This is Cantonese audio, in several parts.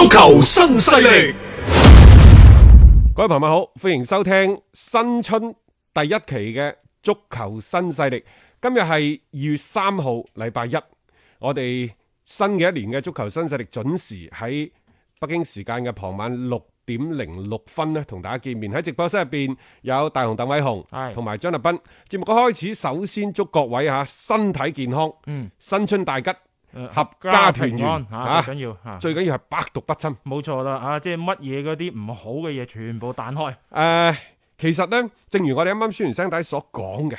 足球新勢力，各位朋友好，歡迎收聽新春第一期嘅足球新勢力。今日係二月三號，禮拜一，我哋新嘅一年嘅足球新勢力準時喺北京時間嘅傍晚六點零六分咧，同大家見面。喺直播室入邊有大雄、鄧偉雄，係同埋張達斌。節目嘅開始，首先祝各位吓身體健康，嗯，新春大吉。合家團圓，吓、啊，最緊要吓、啊，最緊要係百毒不侵。冇錯啦吓、啊，即係乜嘢嗰啲唔好嘅嘢，全部彈開。誒、呃，其實咧，正如我哋啱啱孫完聲帶所講嘅，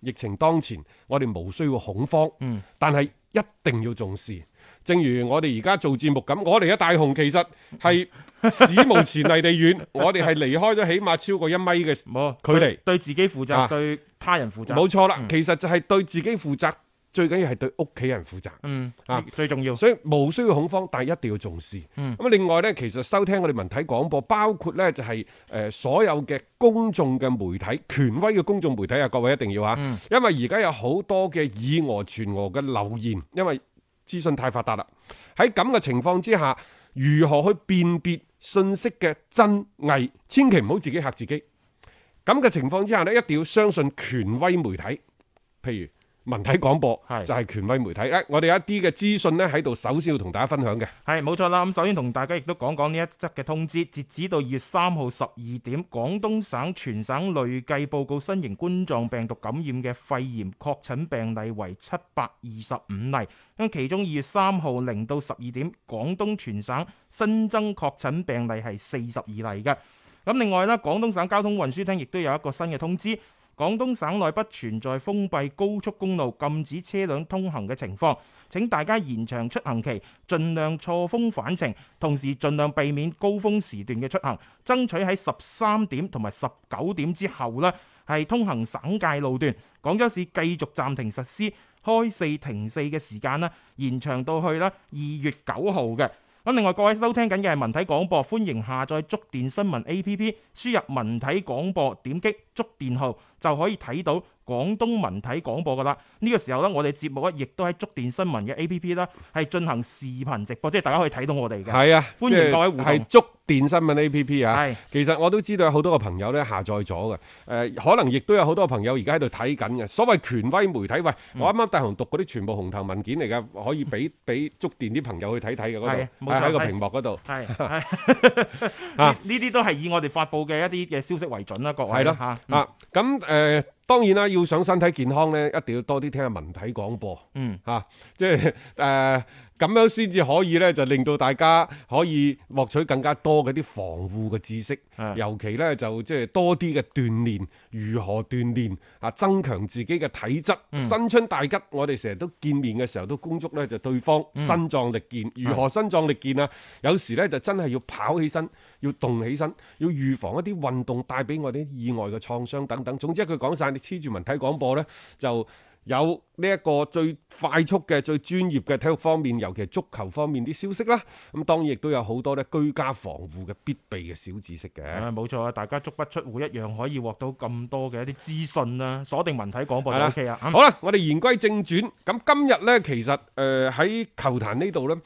疫情當前，我哋無需要恐慌。嗯，但係一定要重視。正如我哋而家做節目咁，我嚟咗大雄，其實係史無前例地遠， 我哋係離開咗起碼超過一米嘅距離，對，對自己負責，啊、對他人負責。冇錯啦、嗯，其實就係對自己負責。最緊要係對屋企人負責，嗯、啊，最重要，所以冇需要恐慌，但係一定要重視。咁、嗯、另外呢，其實收聽我哋文體廣播，包括呢就係、是、誒、呃、所有嘅公眾嘅媒體，權威嘅公眾媒體啊，各位一定要吓、啊嗯，因為而家有好多嘅以訛傳訛嘅流言，因為資訊太發達啦。喺咁嘅情況之下，如何去辨別信息嘅真偽？千祈唔好自己吓自己。咁嘅情況之下呢，一定要相信權威媒體，譬如。文體廣播係就係、是、權威媒體，誒，我哋有一啲嘅資訊呢，喺度，首先要同大家分享嘅係冇錯啦。咁首先同大家亦都講講呢一則嘅通知，截止到二月三號十二點，廣東省全省累計報告新型冠狀病毒感染嘅肺炎確診病例為七百二十五例。咁其中二月三號零到十二點，廣東全省新增確診病例係四十二例嘅。咁另外呢，廣東省交通運輸廳亦都有一個新嘅通知。廣東省內不存在封閉高速公路禁止車輛通行嘅情況，請大家延長出行期，盡量錯峰返程，同時盡量避免高峰時段嘅出行，爭取喺十三點同埋十九點之後呢係通行省界路段。廣州市繼續暫停實施開四停四嘅時間呢延長到去啦二月九號嘅。另外各位收聽緊嘅係文體廣播，歡迎下載觸電新聞 A P P，輸入文體廣播，點擊觸電號就可以睇到。廣東文體廣播嘅啦，呢個時候呢，我哋節目咧亦都喺觸電新聞嘅 A P P 啦，係進行視頻直播，即係大家可以睇到我哋嘅。係啊，歡迎各位互動。係觸電新聞 A P P 啊，其實我都知道有好多嘅朋友咧下載咗嘅。誒，可能亦都有好多嘅朋友而家喺度睇緊嘅。所謂權威媒體，喂，我啱啱大雄讀嗰啲全部紅頭文件嚟嘅，可以俾俾觸電啲朋友去睇睇嘅嗰度，冇錯，喺個屏幕嗰度。係呢啲都係以我哋發布嘅一啲嘅消息為準啦，各位。係咯嚇咁誒。啊啊啊當然啦，要想身體健康呢，一定要多啲聽下文體廣播。嗯、啊，吓，即係誒。呃咁樣先至可以呢，就令到大家可以獲取更加多嗰啲防護嘅知識。尤其呢，就即係多啲嘅鍛鍊，如何鍛鍊啊？增強自己嘅體質、嗯。新春大吉，我哋成日都見面嘅時候都恭祝呢，就對方身壯力健。如何身壯力健啊？有時呢，就真係要跑起身，要動起身，要預防一啲運動帶俾我啲意外嘅創傷等等。總之一句講晒，你黐住文體廣播呢，就。有呢一個最快速嘅、最專業嘅體育方面，尤其係足球方面啲消息啦。咁當然亦都有好多咧居家防護嘅必備嘅小知識嘅。冇錯啊！大家足不出戶，一樣可以獲到咁多嘅一啲資訊啦。鎖定文體廣播，OK 啦。好啦，我哋言歸正傳。咁今日呢，其實誒喺、呃、球壇呢度呢，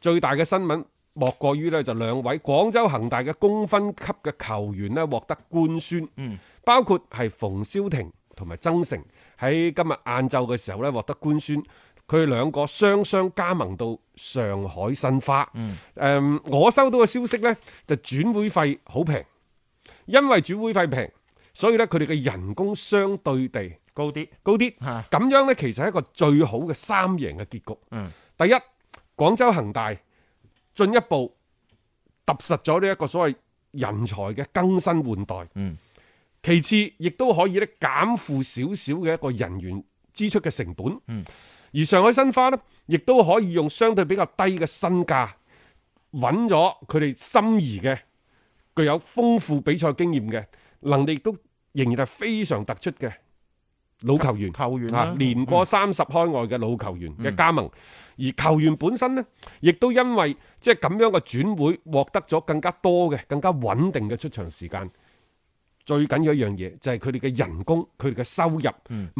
最大嘅新聞莫過於呢就兩位廣州恒大嘅公分級嘅球員呢獲得官宣。嗯，包括係馮瀟霆同埋曾誠。喺今日晏晝嘅時候咧，獲得官宣，佢哋兩個雙雙加盟到上海申花。嗯，誒，um，我收到嘅消息呢，就轉會費好平，因為轉會費平，所以呢，佢哋嘅人工相對地高啲，高啲。咁樣呢，其實係一個最好嘅三贏嘅結局。嗯，第一，廣州恒大進一步踏實咗呢一個所謂人才嘅更新換代。嗯。其次，亦都可以咧減負少少嘅一個人員支出嘅成本，嗯。而上海申花咧，亦都可以用相對比較低嘅身價揾咗佢哋心儀嘅、具有豐富比賽經驗嘅、能力都仍然係非常突出嘅老球員，球員啊，年過三十開外嘅老球員嘅加盟，嗯，而球員本身咧，亦都因為即係咁樣嘅轉會獲得咗更加多嘅、更加穩定嘅出場時間。最緊要一樣嘢就係佢哋嘅人工，佢哋嘅收入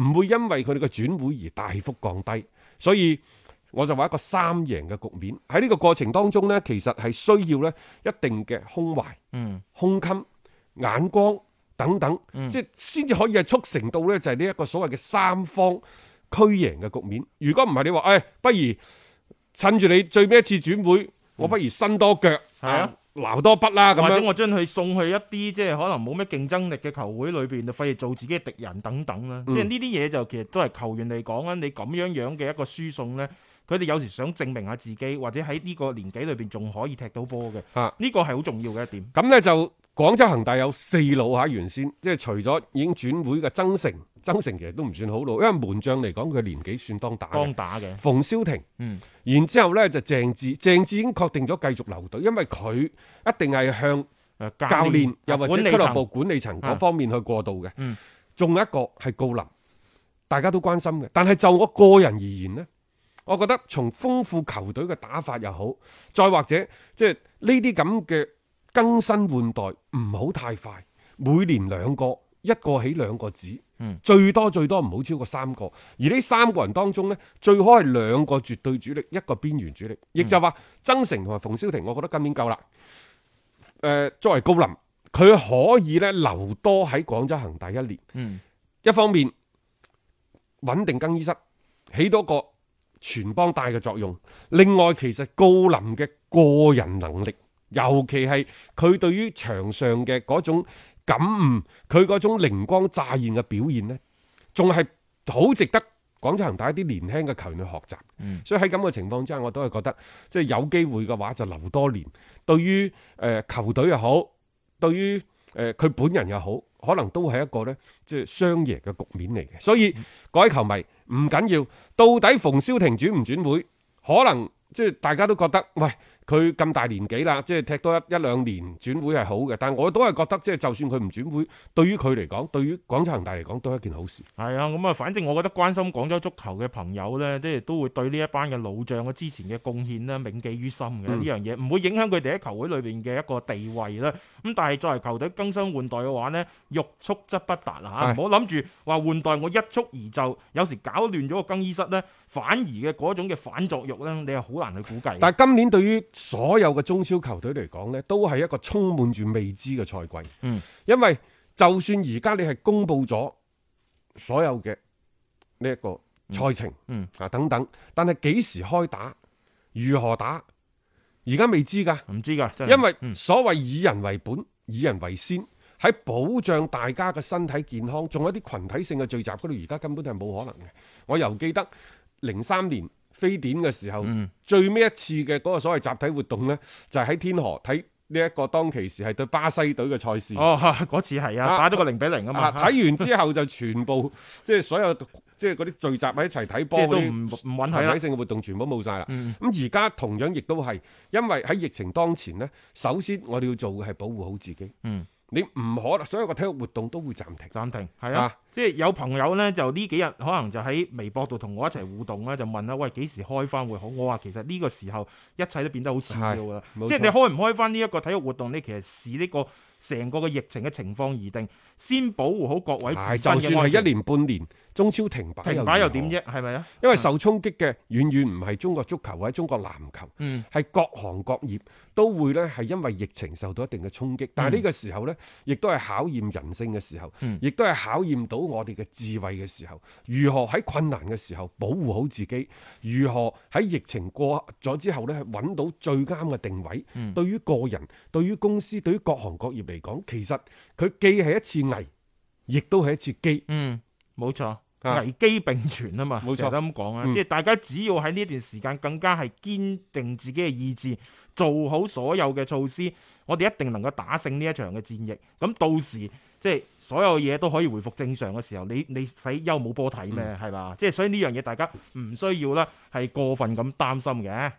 唔會因為佢哋嘅轉會而大幅降低，所以我就話一個三贏嘅局面。喺呢個過程當中呢，其實係需要呢一定嘅胸懷、胸襟、眼光等等，即係先至可以係促成到呢就係呢一個所謂嘅三方區贏嘅局面。如果唔係你話，誒、哎，不如趁住你最尾一次轉會，我不如伸多腳，係、嗯、啊。撈多筆啦樣，或者我將佢送去一啲即係可能冇咩競爭力嘅球會裏邊，就反而做自己嘅敵人等等啦。即係呢啲嘢就其實都係球員嚟講啊，你咁樣樣嘅一個輸送咧，佢哋有時想證明下自己，或者喺呢個年紀裏邊仲可以踢到波嘅。呢個係好重要嘅一點。咁、啊、咧就廣州恒大有四老。吓，原先即係除咗已經轉會嘅曾誠。曾誠其實都唔算好老，因為門將嚟講佢年紀算當打嘅。當打嘅馮瀟霆，嗯，然之後咧就鄭智，鄭智已經確定咗繼續留隊，因為佢一定係向誒教練，教練又或者俱樂部管理層嗰方面去過渡嘅。仲、嗯、有一個係高林，大家都關心嘅。但係就我個人而言呢，我覺得從豐富球隊嘅打法又好，再或者即係呢啲咁嘅更新換代唔好太快，每年兩個，一個起兩個止。最多最多唔好超過三個，而呢三個人當中呢，最好係兩個絕對主力，一個邊緣主力，亦就話、嗯、曾誠同埋馮瀟霆，我覺得今年夠啦、呃。作為高林，佢可以留多喺廣州恒大一年。嗯，一方面穩定更衣室，起多個全幫帶嘅作用。另外，其實高林嘅個人能力，尤其係佢對於場上嘅嗰種。感悟佢嗰種靈光乍現嘅表現呢，仲係好值得廣州恒大一啲年輕嘅球員去學習。嗯、所以喺咁嘅情況之下，我都係覺得即係有機會嘅話就留多年。對於誒球隊又好，對於誒佢本人又好，可能都係一個呢，即係雙贏嘅局面嚟嘅。所以各位球迷唔緊要，到底馮瀟霆轉唔轉會，可能即係大家都覺得喂。佢咁大年紀啦，即係踢多一一兩年轉會係好嘅，但係我都係覺得即係就算佢唔轉會，對於佢嚟講，對於廣州恒大嚟講都係一件好事。係啊，咁啊，反正我覺得關心廣州足球嘅朋友呢，即係都會對呢一班嘅老將嘅之前嘅貢獻呢，銘記於心嘅呢、嗯、樣嘢，唔會影響佢哋喺球會裏面嘅一個地位啦。咁但係作為球隊更新換代嘅話呢，欲速則不達啊！嚇，唔好諗住話換代我一蹴而就，有時搞亂咗個更衣室呢，反而嘅嗰種嘅反作用呢，你係好難去估計的。但係今年對於所有嘅中超球隊嚟講咧，都係一個充滿住未知嘅賽季。嗯，因為就算而家你係公布咗所有嘅呢一個賽程，嗯啊、嗯、等等，但係幾時開打、如何打，而家未知噶，唔知噶。因為所謂以人為本、以人為先，喺保障大家嘅身體健康，仲有啲群體性嘅聚集，嗰度而家根本都係冇可能嘅。我又記得零三年。非典嘅時候，嗯、最尾一次嘅嗰個所謂集體活動呢，就喺、是、天河睇呢一個當其時係對巴西隊嘅賽事。嗰、哦、次係啊，啊，打咗個零比零啊嘛。睇、啊啊、完之後就全部即係 所有即係嗰啲聚集喺一齊睇波，都唔唔允許體性嘅活動全部冇晒啦。咁而家同樣亦都係，因為喺疫情當前呢，首先我哋要做嘅係保護好自己。嗯，你唔可能所有嘅體育活動都會暫停。暫停，係啊。啊即係有朋友咧，就呢幾日可能就喺微博度同我一齊互動啦，就問啦：喂，幾時開翻會好？我話其實呢個時候一切都變得好似噶啦，即係你開唔開翻呢一個體育活動，你其實是呢個，成個嘅疫情嘅情況而定，先保護好各位自身嘅安全。是就算係一年半年，中超停擺，停擺又點啫？係咪啊？因為受衝擊嘅遠遠唔係中國足球，或者中國籃球，係、嗯、各行各業都會呢。係因為疫情受到一定嘅衝擊。嗯、但係呢個時候呢，亦都係考驗人性嘅時候，亦都係考驗到我哋嘅智慧嘅時候。如何喺困難嘅時候保護好自己？如何喺疫情過咗之後呢，揾到最啱嘅定位、嗯？對於個人、對於公司、對於各行各業，嚟講，其實佢既係一次危，亦都係一次機。嗯，冇錯，危機並存啊嘛。冇錯，都咁講啊。即係大家只要喺呢段時間更加係堅定自己嘅意志，做好所有嘅措施，我哋一定能夠打勝呢一場嘅戰役。咁到時即係所有嘢都可以回復正常嘅時候，你你使憂冇波睇咩？係、嗯、嘛？即係所以呢樣嘢，大家唔需要啦，係過分咁擔心嘅。